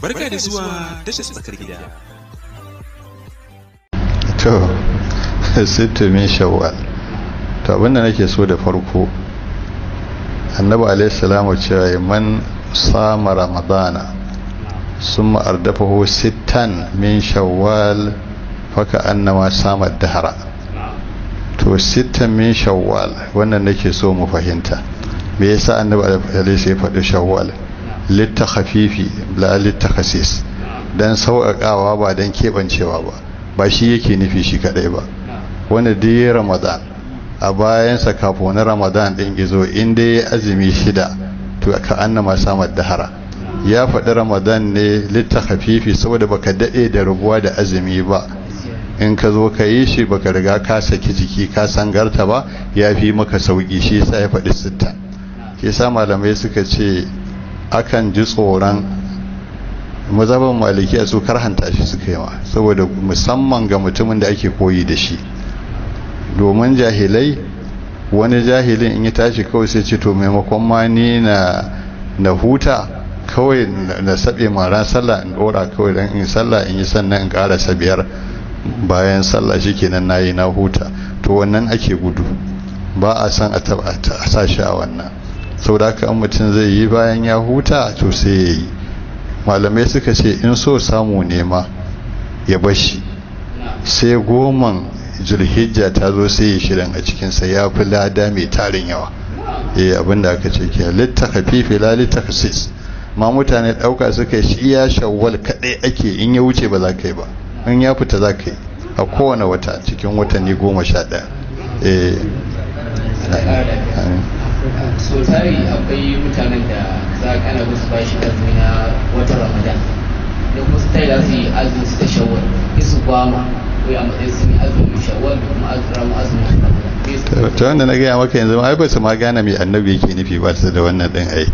Barka da zuwa tashar tsakar gida. To, sittumin shawwal. To abinda nake so da farko, annabi alaihi salamu cewa man sama ramadana sun ma'ardafahu sittan min shawwal faka annama sama dahara. To sittan min shawwal wannan nake so mu fahimta. Me yasa annabi alaihi salamu sai faɗi shawwal? littahafifi la littahasis don sauƙaƙawa ba dan keɓancewa ba ba shi yake nufi shi kaɗai ba wanda dai ramadan a bayansa na ramadan ɗin gizo in dai ya azumi shida to ka annama samar dahara ya faɗi ramadan ne littahafifi saboda baka daɗe da rubuwa da azumi ba in ka zo ka yi shi baka riga ka saki jiki ka sangarta ba ya fi maka sauƙi shi sa ya faɗi sitta ke sa malamai suka ce akan ji tsoron mazaban malikiya su karhanta shi suka ma saboda musamman ga mutumin da ake koyi da shi domin jahilai wani jahilin in ya tashi kawai sai ce to maimakon ma ni na huta kawai na saɓe maran sallah in ɗora kawai don in sallah in yi sannan in ƙara biyar bayan sallah shi kenan na yi na huta to wannan ake gudu ba a san a sa shi a wannan Sau da an mutum zai yi bayan ya huta to sai ya yi malamai suka ce in so samu nema ya bashi sai goman zulhijja ta zo sai ya shirin a cikinsa ya fi lada mai tarin yawa eh abinda aka ce ke litta hafifi la litta ma mutane ɗauka suka shi ya shawwal kaɗai ake in ya wuce ba za ka yi ba in ya fita za ka yi a kowane wata cikin watanni goma sha ɗaya eh so na ta wanda na gaya maka yanzu ma ba su ma gane mai annabi yake nufi ba su da wannan din ai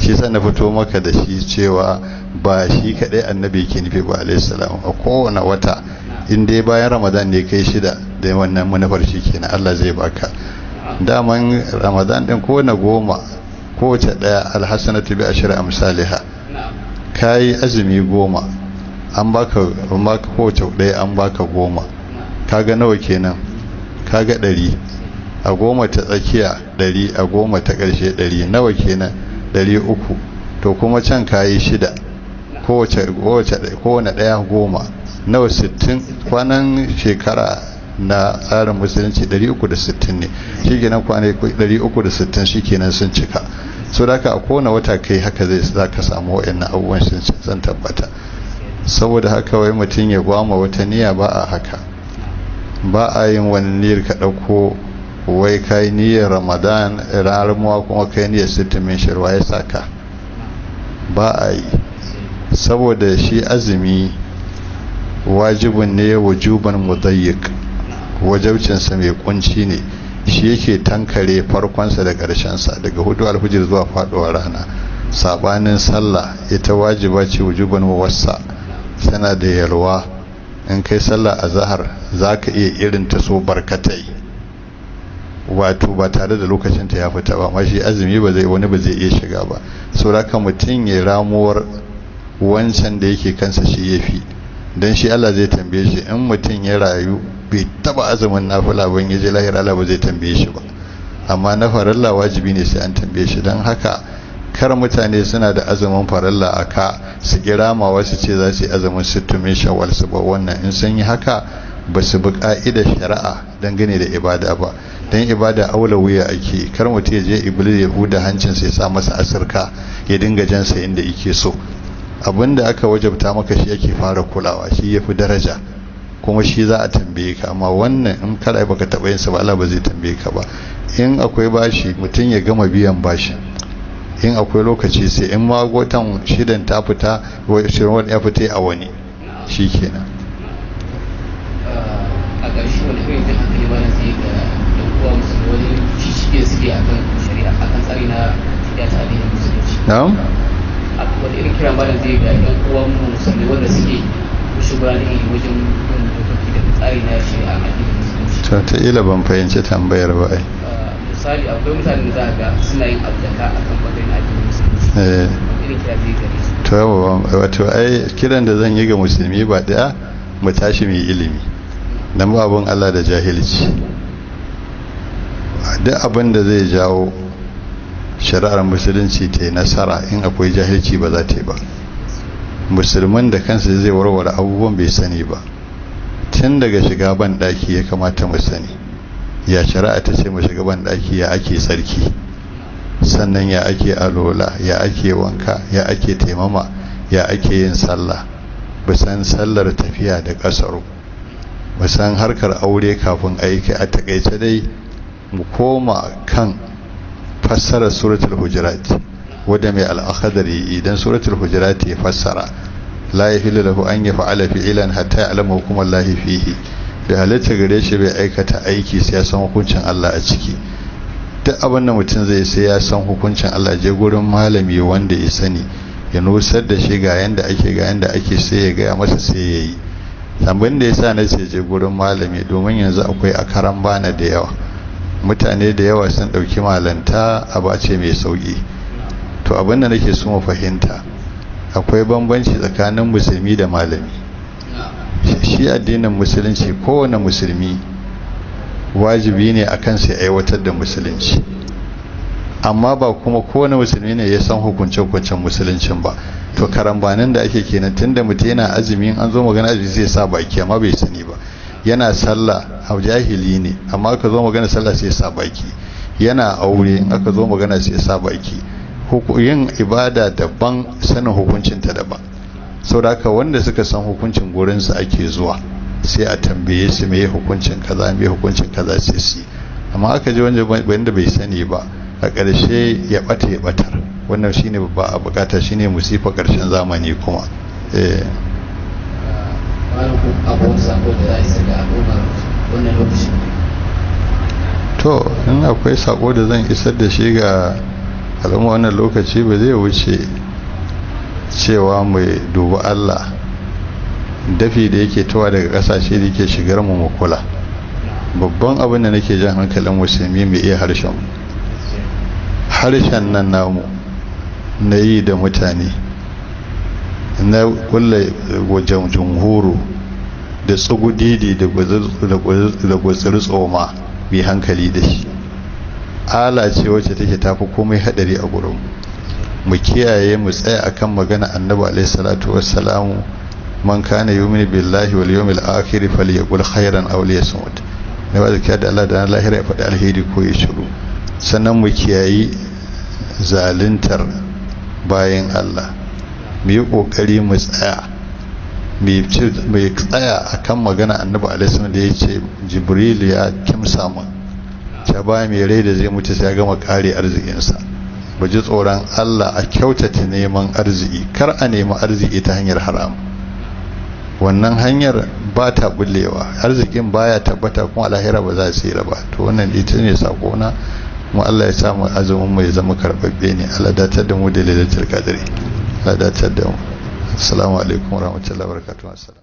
shi sa na fito maka da shi cewa ba shi kaɗai annabi yake nufi ba alaihi salamu a kowane wata in dai bayan ramadan ne kai shida da wannan manufar shi kenan Allah zai baka daman ramadan din ko na goma ko ta daya alhassanatu bi ashri amsalha kai azumi goma an baka an baka ko ta daya an baka goma kaga nawa kenan kaga 100 a goma ta tsakiya 100 a goma ta karshe 100 nawa kenan 300 to kuma can kayi shida kowace kowace kowane daya goma nawa 60 kwanan shekara na tsarin musulunci 360 ne shi kenan kwanai 360 shi kenan sun cika so da haka a kowane wata kai haka zai za ka samu wa'annan abubuwan sun san tabbata saboda haka wai mutum ya gwama wata niyya ba a haka ba a yin wani niyyar ka ɗauko wai yi niyyar ramadan ranar muwa kuma kai niyyar min shirwa ya sa ka ba a yi saboda shi azumi wajibin ne wajuban mudayyik wajaucinsa mai kunci ne shi yake tankare farkonsa da ƙarshensa daga hudu alfijir zuwa faɗuwar rana sabanin sallah ita wajiba ce wujuban wasa tana da yalwa in kai sallah a zahar za ka iya irin ta so barkatai wato ba tare da lokacinta ya fita ba mashi azumi ba zai wani ba zai iya shiga ba sauraka mutum ya ramuwar wancan da yake kansa shi ya fi dan shi Allah zai tambaye shi in mutum ya rayu bai taba azumin nafila ba ya je lahira Allah ba zai tambaye shi ba amma na farilla wajibi ne sai an tambaye shi dan haka kar mutane suna da azumin farilla a ka su kira ma wasu ce za su yi azumin sittumin shawwal su ba wannan in sun yi haka ba su bi ka'idar shari'a dangane da ibada ba dan ibada aula wuya ake kar mutum ya je iblis ya huda hancin sai ya sa masa asirka ya dinga jansa inda yake so abinda aka wajabta maka shi yake fara kulawa shi yafi daraja kuma shi za a tambaye ka amma wannan in kada baka taba yin sa ba Allah ba zai tambaye ka ba in akwai bashi mutum ya gama biyan bashi in akwai lokaci sai in ma watan shidan ta fita ko shirin wani ya fita a wani shi kenan a na wani irin kira malam zai ga yan uwan musulmi wanda suke shiga da yi wajen yin dokoki da tsari na shi a addinin musulunci to ta ila ban fahimci tambayar ba ai ah, misali akwai mutane da za ga suna yin abdaka akan bangaren addinin musulunci eh irin kira zai gare su to wato ai kiran da zan yi ga musulmi ba daya mu tashi mu yi ilimi dan ba abun Allah da jahilci duk abin da zai jawo shari'ar musulunci ta yi nasara in akwai jahilci ba za ta yi ba musulman da kansa zai warware abubuwan bai sani ba tun daga shiga ban ɗaki ya kamata mu sani ya shari'a ta ce mu shiga ban ɗaki ya ake tsarki sannan ya ake alola ya ake wanka ya ake taimama ya ake yin sallah bisan sallar tafiya da ƙasaro bisan harkar aure kafin aiki a takaice dai mu koma kan fassarar suratul hujurat wadda mai al'akadari idan suratul hujurat ya fassara layi fi fili an ya fa'ala fi'ilan hatta ya alama hukumar lahi fihi bai halitta gare shi bai aikata aiki sai ya san hukuncin Allah a ciki duk abin da mutum zai sai ya san hukuncin Allah je gurin malami wanda ya sani ya nusar da shi ga yanda ake ga yanda ake sai ya gaya masa sai ya yi tambayin da ya sa na ce je gurin malami domin yanzu akwai akaran bana da yawa mutane da yawa sun ɗauki malanta abu a ce mai sauki to abin da nake so mu fahimta akwai bambanci tsakanin musulmi da malami shi addinin musulunci kowane musulmi wajibi ne a kansa ya aiwatar da musulunci amma ba kuma kowane musulmi ne ya san hukunce-hukuncen musuluncin ba to karambanin da ake kenan tunda mutum yana azumi an zo magana azumi zai sa baki amma bai sani ba yana sallah a jahili ne amma aka zo magana sallah sai sa baki yana aure aka zo magana sai sa baki yin ibada daban sanin hukuncin ta daban saboda haka wanda suka san hukuncin gurinsu ake zuwa sai a tambaye su me hukuncin kaza me hukuncin kaza sai su amma aka ji wanda bai sani ba a ƙarshe ya ɓata ya ɓatar wannan shine ba a bukata shine musifa ƙarshen zamani kuma eh. to in akwai sako da zan isar da shi ga al'umma wannan lokaci ba zai wuce cewa mai dubi allah dafi da yake tawa daga kasashe da yake shigar mu makula babban abin da nake jan hankalin musulmi mai iya harshen harshen nan namu na yi da mutane na kulle wajen jumhuru da tsugudidi da gwazir tsoma bi hankali da shi ala ce wacce take tafi komai hadari a gurin mu kiyaye mu tsaya akan magana annabi alaihi salatu wassalamu man kana yu'minu billahi wal yawmil akhir falyaqul khairan aw liyasmut ne ba zakiya da Allah da na lahira ya faɗi alheri ko ya shiru sannan mu kiyayi zaluntar bayan Allah mu yi ƙoƙari mu tsaya mai tsaya a kan magana annabi alisun da ya ce jibril ya kimsa mu ta ba mai rai da zai mutu sai ya gama kare arzikinsa ba ji tsoron allah a kyautata neman arziki kar a nemi arziki ta hanyar haram wannan hanyar ba ta bullewa arzikin baya tabbata kuma alahira ba za a tsira ba to wannan ita ne sakona kuma allah ya samu azumin mai zama karɓaɓɓe ne aladatar da mu da lalatar kadari Allah ya dace da mu assalamu alaikum warahmatullahi wabarakatuh